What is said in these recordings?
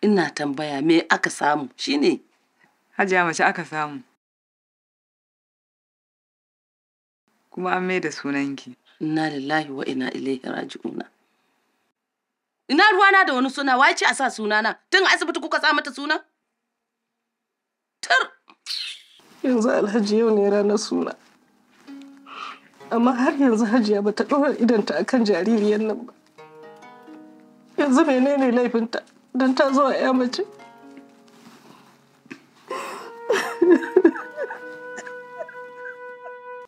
ina tambaya me aka samu shine hajiya mace aka samu kuma an mai da sunanki inna lillahi wa ina ilaihi raji'una ina ruwana da wani suna wai ce a sa sunana tun asibiti kuka sa mata sunan tar yanzu alhaji yau ne ranar suna amma har yanzu hajiya bata ɗora idanta akan jaririyar nan ba yanzu menene laifinta don ta zo a mace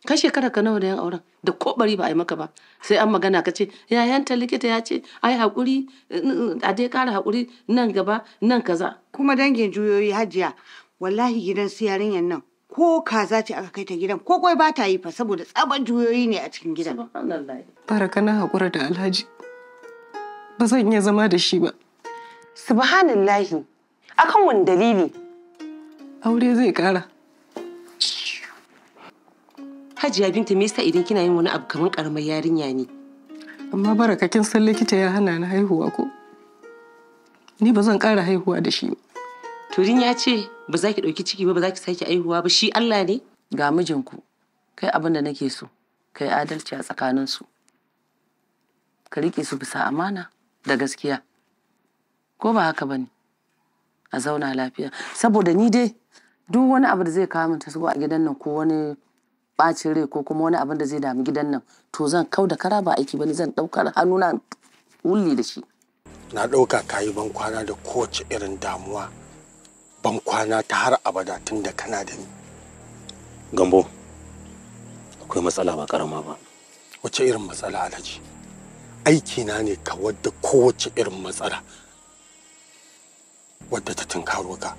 ka shekara ka nawa da yan auren da kobari ba a yi maka ba sai an magana ka ce yayanta likita ya ce ai hakuri a dai kara hakuri nan gaba nan kaza kuma dangin juyoyi hajiya wallahi gidan su yarinyar nan ko kaza ce aka kai ta gidan ko kwai ba ta yi fa saboda tsaban juyoyi ne a cikin gidan subhanallah hakura da alhaji ba zan iya zama da shi ba Subhanallahi. Akan wani dalili? Aure zai kara. Hajiya Binta me yasa idan kina yin wani abu kamar karamar yarinya ne? Amma baraka kin san likita ya hana ni haihuwa ko? Ni ba zan ƙara haihuwa da shi ba. Turin ya ce ba za ki ɗauki ciki ba ba za ki sake haihuwa ba shi Allah ne? Ga mijinku, kai abin da nake so, kai adalci a tsakaninsu. Ka riƙe su bisa amana da gaskiya. ko ba haka bane a zauna lafiya saboda ni dai duk wani abu da zai kawo min tasgaro a gidan nan ko wani bacin rai ko kuma wani abin da zai damu gidan nan to zan kau da kara ba aiki bane zan daukar hannuna wulli da shi na dauka kayi ban kwana da kowace irin damuwa ban kwana ta har abada tun da kana da ni gambo akwai matsala ba karama ba wace irin matsala alhaji aiki na ne kawar da kowace irin matsala wadda ta tunkaro ka